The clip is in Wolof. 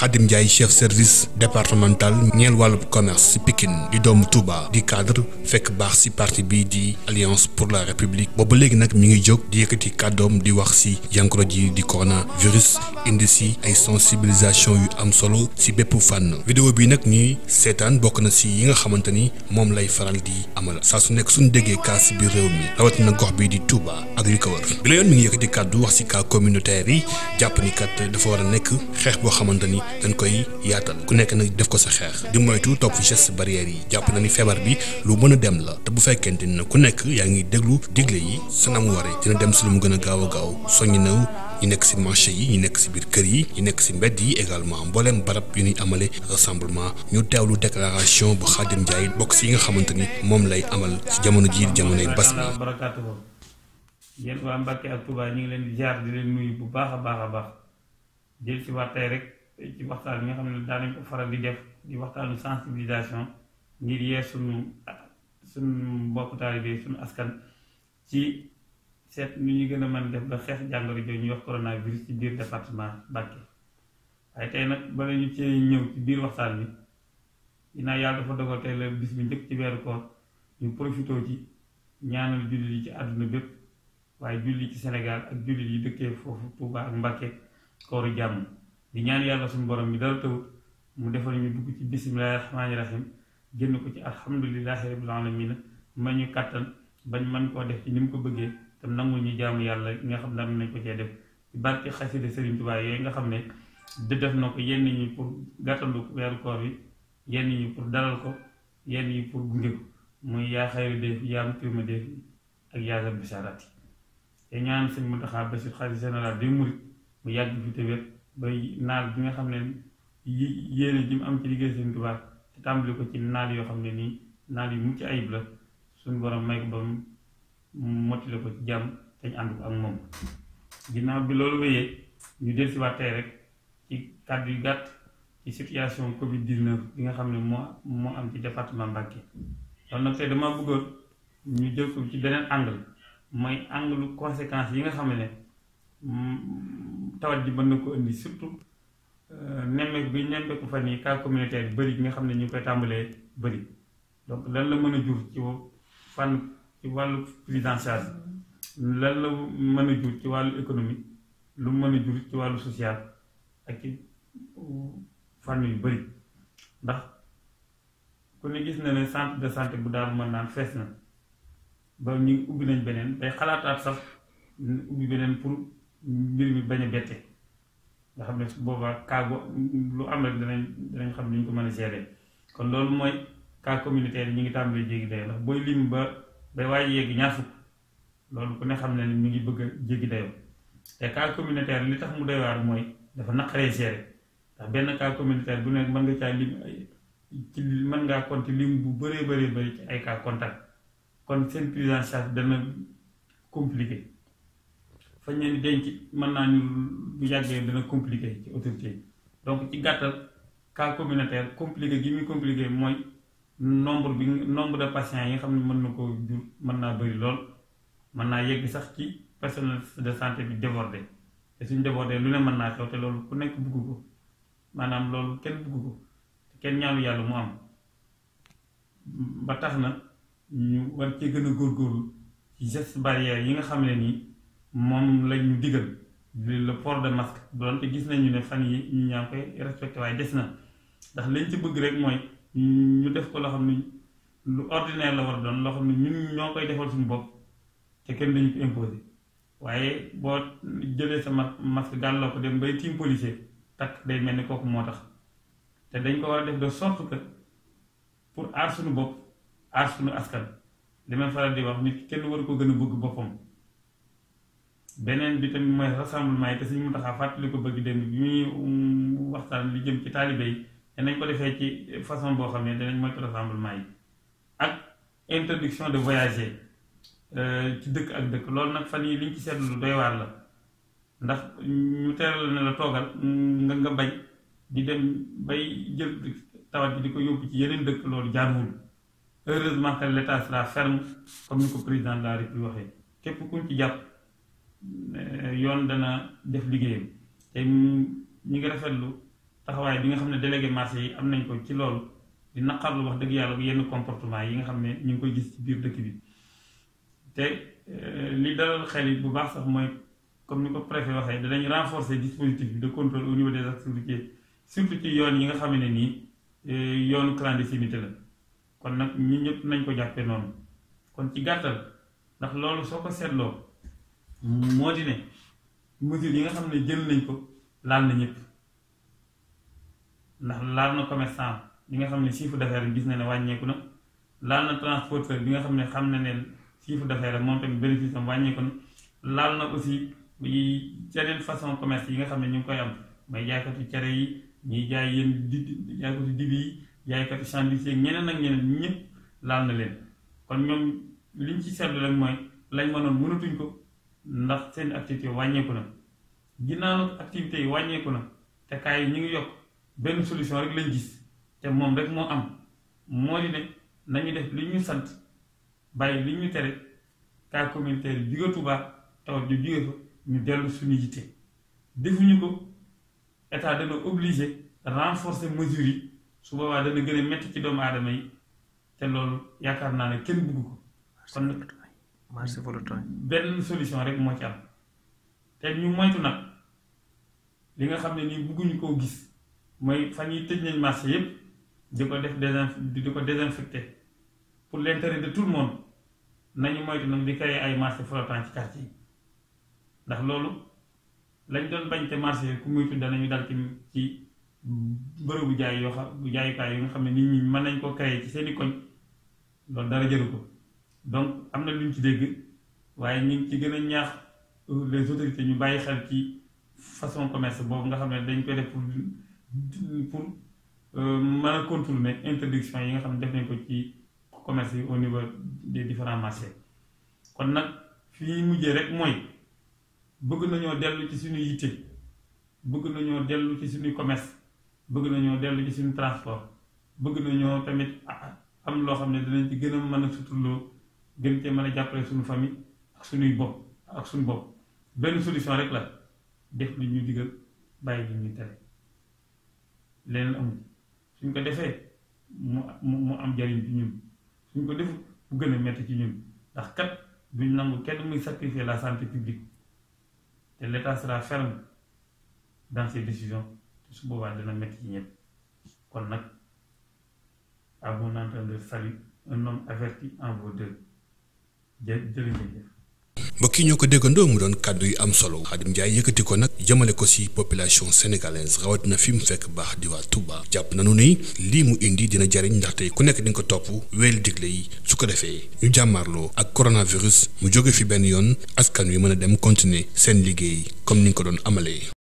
Khadim Ndiaye chef service départemental ñeel wàllub commerce si pikin di doomu Touba di cadre fekk baax si partie bii di alliance pour la république booba léegi nag mi ngi jóg di yëkkati kàddoom di wax si jàngoro ji di coronavirus indi si ay sensibilisation yu am solo si bépp fànn vidéo bi nag ñuy seetaan bokk na si yi nga xamante ni moom lay faral di amal saa su nekk suñu déggee cas si biir réew mi rawatina gox bii di Touba ak li ko wër mi ngi kàddu wax si cas communautaire yi jàpp dafa war a nekk xeex boo xamante ni dañ koy yaatal ku nekk nag def ko sa xeex di moytu topp geste barrière yi jàpp na ni feebar bi lu mën a dem la te bu fekkente ne ku nekk yaa ngi déglu digle yi sa nam waree dina dem si lu mu gën a gaaw a gaaw soññi naw ñu nekk si marché yi ñu nekk si biir kër yi ñu nekk si mbedd yi également mbooleem barab yu ñuy amale rassemblement ñu teewlu déclaration bu Xaadim Njaay bokk si yi nga xamante ni moom lay amal si jamono jii di jamonoy mbas mi yéen waa Mbàkke ak Tuubaa ñu bu baax a baax a baax jël si ci waxtaan bi nga xam ne daanañ ko faral di def di waxtaanu sensibilisation ngir yee suñu sunu mbokk taalibe suñu askan ci seet nu ñu gën a mën def ba xeex jàngoro jooju ñuy wax coronavirus ci biir département Mbacké waaye tey nag bala ñu cee ñëw ci biir waxtaan bi dinaa yàlla dafa dogal tey la bis bi njëkk ci weeru koor ñu profité ci ñaanal jullit yi ci àdduna bépp waaye jullit ci Sénégal ak jullit yi dëkkee foofu Touba ak Mbacké kooru jàmm di ñaan yàlla suñu borom bi dara tawut mu defal ñu dugg ci bisimilahi rahmaani rahim génn ko ci alhamdulilahi la alamina ma ñu kàttan bañ man koo def ci ni mu ko bëggee te nangu ñu jaamu yàlla nga xam ne am nañ ko cee def ci barke xasida Sëriñ Tuubaa yooyu nga xam ne di def na ko yenn ñi pour gàttandu weeru koor yi yenn ñi pour dalal ko yenn ñi pour gunge ko muy yaa xayru def yaa mukrimu def ak yaa zal yi te ñaan sëñ Muntaxa Basiir xalifa général des mourides mu yàgg fi te wér ba naal bi nga xam ne yi yéene ji mu am ci liggéey Sëriñ Tuubaa te tàmbali ko ci naal yoo xam ne nii naal yu mu ci ayib la suñu borom may ko ba mu mottali ko ci jàmm te ñu ànd ko ak moom ginnaaw bi loolu wéyee ñu del si waat rek ci kàddu yu gàtt ci situation covid 19 bi nga xam ne moo moo am ci département Mbacké loolu nag tey dama bëggoon ñu jël ko ci beneen angle mooy angle conséquence yi nga xam ne tawat ji mën na ko indi surtout euh, nemmeeku bi nemmeeku fan yi cas communautaire yu bëri yi nga xam ne ñu koy tàmbalee bëri donc lan la mën a jur ci fànn ci wàllu prise en charge lan la mën a jur ci wàllu économique lu mën a jur ci wàllu social ak ci fànn yu bëri ndax ku ne gis na ne centre de santé bu daal mën naan fees na ba ñu ubbi nañ beneen day xalaataat sax ubbi beneen pour. mbir mi bañ a bette nga xam ne su boobaa cas lu am rek danañ xam ni ñu ko mën a gérer kon loolu mooy cas communautaire ñu ngi tàmbalee jéggi dayoo ndax booy lim ba bay waaj yegg ñaar loolu ku ne xam ne ni mi ngi bëgg a jéggi dayoo te cas communautaire li tax mu doy waar mooy dafa naqaree gérer ndax benn cas communautaire bu nekk mën nga caa lim ay ci mën ngaa compter lim bu bëree bëree bëri ay cas contact kon seen prise en charge dana compliqué. fañ leen di denc mën naa ñu bu yàggee dana compliqué ci autorité donc ci gàttal cas communautaire compliqué gi muy compliqué mooy nombre bi nombre de patients yi nga xam ne mën na koo jur mën naa bëri lool mën naa yegg sax ci personnel de santé bi débordé te suñ débordé lu ne mën naa xew te loolu ku nekk bugg ko maanaam loolu kenn bugg ko te kenn ñaanu yàlla mu am ba tax na ñu war cee gën a góorgóorlu ci gestes barrières yi nga xam ne nii moom lañu digal la port de masque doonte gis nañu ne fan yi ñu ñaa koy respecté waaye des na ndax liñ ci bëgg rek mooy ñu def ko loo xam ne lu ordinaire la war doon loxo ni ne ñun ñoo koy defal suñu bopp te kenn dañu ko waaye boo jëlee sa masque gàlloo ko dem bay tiim policier takk mel ni kooku moo tax te dañ ko war a def de sorte que pour aar suñu bopp aar suñu askan li may faral di wax nit kenn waru ko gën a bëgg boppam beneen bi tamit mooy rassemblement yi te suñu mu taxaa fàttali ko bëgg dem bi muy um, waxtaan li jëm ci taalibe yi danañ ko defee ci façon boo xam ne danañ moytu rassemblement yi ak interdiction de voyager euh, ci dëkk ak dëkk loolu nag fa yi liñ ci seetlu doy waar la ndax ñu teeral ne la toogal nga nga bañ di dem bay jël tawat bi di ko yóbbu ci yeneen dëkk loolu jaaduwul heureusement que l'état sera ferme comme ni ko président de la république waxee képp kuñ ci Euh, yoon dana def liggéeyam te ñu ngi rafetlu taxawaay bi nga xam ne délégué marché yi am nañ ko ci loolu di naqarlu wax dëgg yàlla bu yenn comportement yi nga xam ne ñu ngi koy gis ci biir dëkk bi te euh, li dalal xel yi bu baax sax mooy comme ni ko préfet waxee danañ renforcer dispositif bi de contrôle au niveau des activités surtout ci yoon yi nga xam ne nii euh, yoonu clandestinité la kon nag ñu ñëpp nañ ko jàppee noonu kon ci gàttal ndax loolu soo ko seetloo moo di ne mesures yi nga xam ne jël nañ ko laal na ñëpp ndax laal na commerçant bi nga xam ne chiffre d'affaires gis na ne wàññeeku na laal na transporteur bi nga xam ne xam na ne chiffre d'affaires moom tamit bénéfice wàññeeku na laal na aussi yi yeneen façon commerce yi nga xam ne ñu ngi koy am may jaaykatu cere yi ñuy jaay yéen di jaaykatu dibi yi jaaykatu sandwich yi ñeneen ak ñeneen ñëpp laal na leen kon ñoom liñ ci seetlu rek mooy lañ mënoon mënatuñ ko ndax seen activité wàññeeku na ginnaaw nag activité yi wàññeeku na te kaay yi ñu ngi yokk benn solution rek lañ gis te moom rek moo am moo di ne nañu def li ñu sant bàyyi li ñu tere cas communautaire yi jóge Touba tawat ju ñu dellu suñu yitte defuñu ko état dana obligé renforcer mesures yi su boobaa dana gën a métti ci doomu aadama yi te loolu yaakaar naa ne kenn bugg ko marché volontaire benn solution rek moo ci am te ñu moytu nag li nga xam ne nii bëgguñu koo gis mooy fan yi tëj nañ marché yépp di ko def désinf di ko désinfecté pour l'intérêt de tout le monde nañu moytu nag di créer ay marché flottant ci quartier yi ndax loolu lañ doon bañ te marché yi ku moytu danañu dal ci ci bërëbu jaay yoo xam jaayukaay yi nga xam ne nit ñi mën nañ koo créer ci seeni koñ loolu dara jëru ko donc am na luñ ci dégg waaye ñu ngi ci gën a ñaax euh, les autorités ñu bàyyi xel ci façon commerce boobu nga xam ne dañ koy def pour pour euh, mën a contourner yi nga xam ne def nañ ko ci commerce yi au niveau des différents marchés kon nag fi mujjee rek mooy bëgg nañoo dellu ci suñu yitte bëgg nañoo dellu ci suñu commerce bëgg nañoo dellu ci suñu transport bëgg nañoo tamit ah am loo xam ne danañ ci gën a mën a suturloo gën cee mën a jàppale suñu famille ak suñuy bopp ak suñu bopp benn solution rek la def lu ñu digal bàyyi li ñu tere leneen amul suñ ko defee mu mu am jariñ ci ñun suñ ko def bu gën a metti ci ñun ndax kat duñ nangu kenn muy sacrifier la santé publique te l'État sera ferme dans ses décisions te su boobaa dana metti ci ñëpp kon nag à bon entendeur salut un homme averti en vaut deux jë jërëjëf. ñoo ko déggandoo mu doon kàddu yu am solo Khadim Ndiaye yëkkati ko nag jëmale ko ci population sénégalaise rawatina fi mu fekk baax di waa Touba jàpp nanu ni lii mu indi dina jariñ ndaxte ku nekk di ko topp weel digle yi su ko defee ñu jàmmaarloo ak coronavirus mu jóge fi benn yoon askan wi mën a dem continuer seen liggéey comme ni nga ko doon amalee.